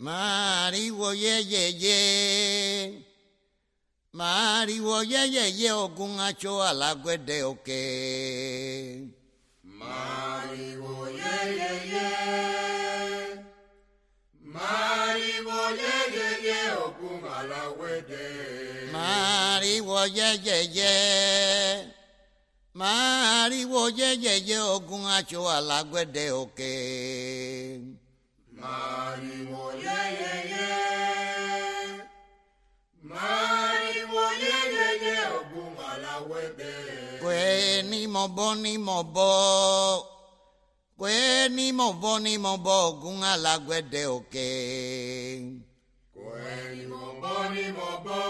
yeah, yeah, yeah. yẹ́yẹ́yẹ́ yeah, yẹ́yẹ́yẹ́ ogun aṣọ alágbẹ̀dẹ òkè. màríwò yeah, yeah, yẹ́yẹ́yẹ́ ogun alágbẹ̀dẹ. yeah. yẹ́yẹ́yẹ́ màríwò yẹ́yẹ́yẹ́ ogun aṣọ alágbẹ̀dẹ okay. ni mo bo, ni mo bọ́ pé ni mo bọ́ ni mo bọ́ ògún alágbẹ̀dẹ òkè. pé ni mo bọ́ ni mo bọ́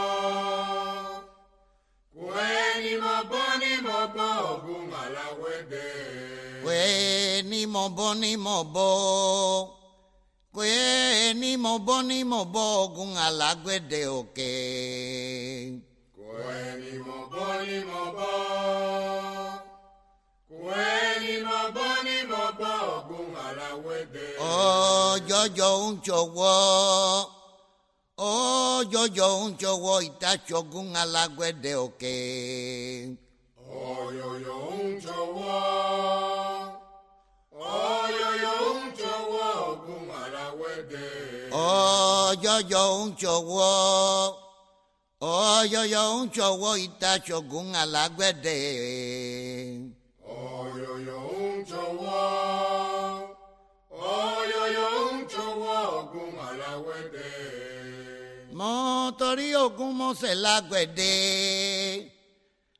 pé ni mo bo, ni mo bọ́ ògún alágbẹ̀dẹ. pé ni mo bọ́ ni mo bọ́ pé ni mo bo, ni mo bọ́ ògún alágbẹ̀dẹ òkè. pé ni mo bọ́ ni mo bo. ọjọ́jọ́ ń ṣọwọ́ ọjọ́jọ́ ń ṣọwọ́ ìtaṣọ́gun alágbẹ̀dẹ òkè. ọ̀yọ̀yọ̀ ń ṣọwọ́ ọ̀yọ̀yọ̀ ń ṣọwọ́ ogun alágbẹ̀dẹ. ọjọ́jọ́ ń ṣọwọ́ ọ̀yọ̀yọ̀ ń ṣọwọ́ ìtaṣọ́gun alágbẹ̀dẹ. ọ̀yọ̀yọ̀ ń ṣọwọ́. ¡Motorío, como se la guede,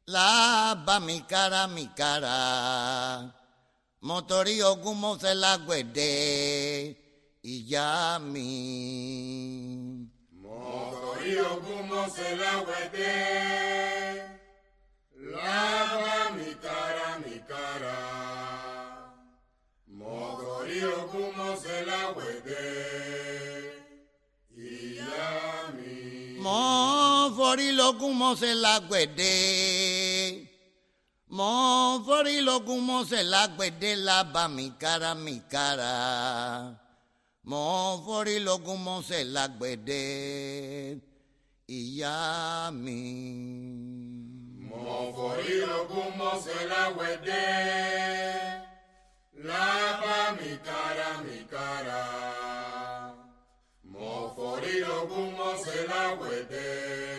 la mi cara, mi cara! ¡Motorío, como se la ¡Y ya mi. mí! como se la la mi cara, mi cara! mo forí lógún mo ṣe lágbẹ̀dẹ mo forí lógún mo ṣe lágbẹ̀dẹ lába mi kára mi kára mo forí lógún mo ṣe lágbẹ̀dẹ ìyá mi. mo forí lógún mo ṣe Amen.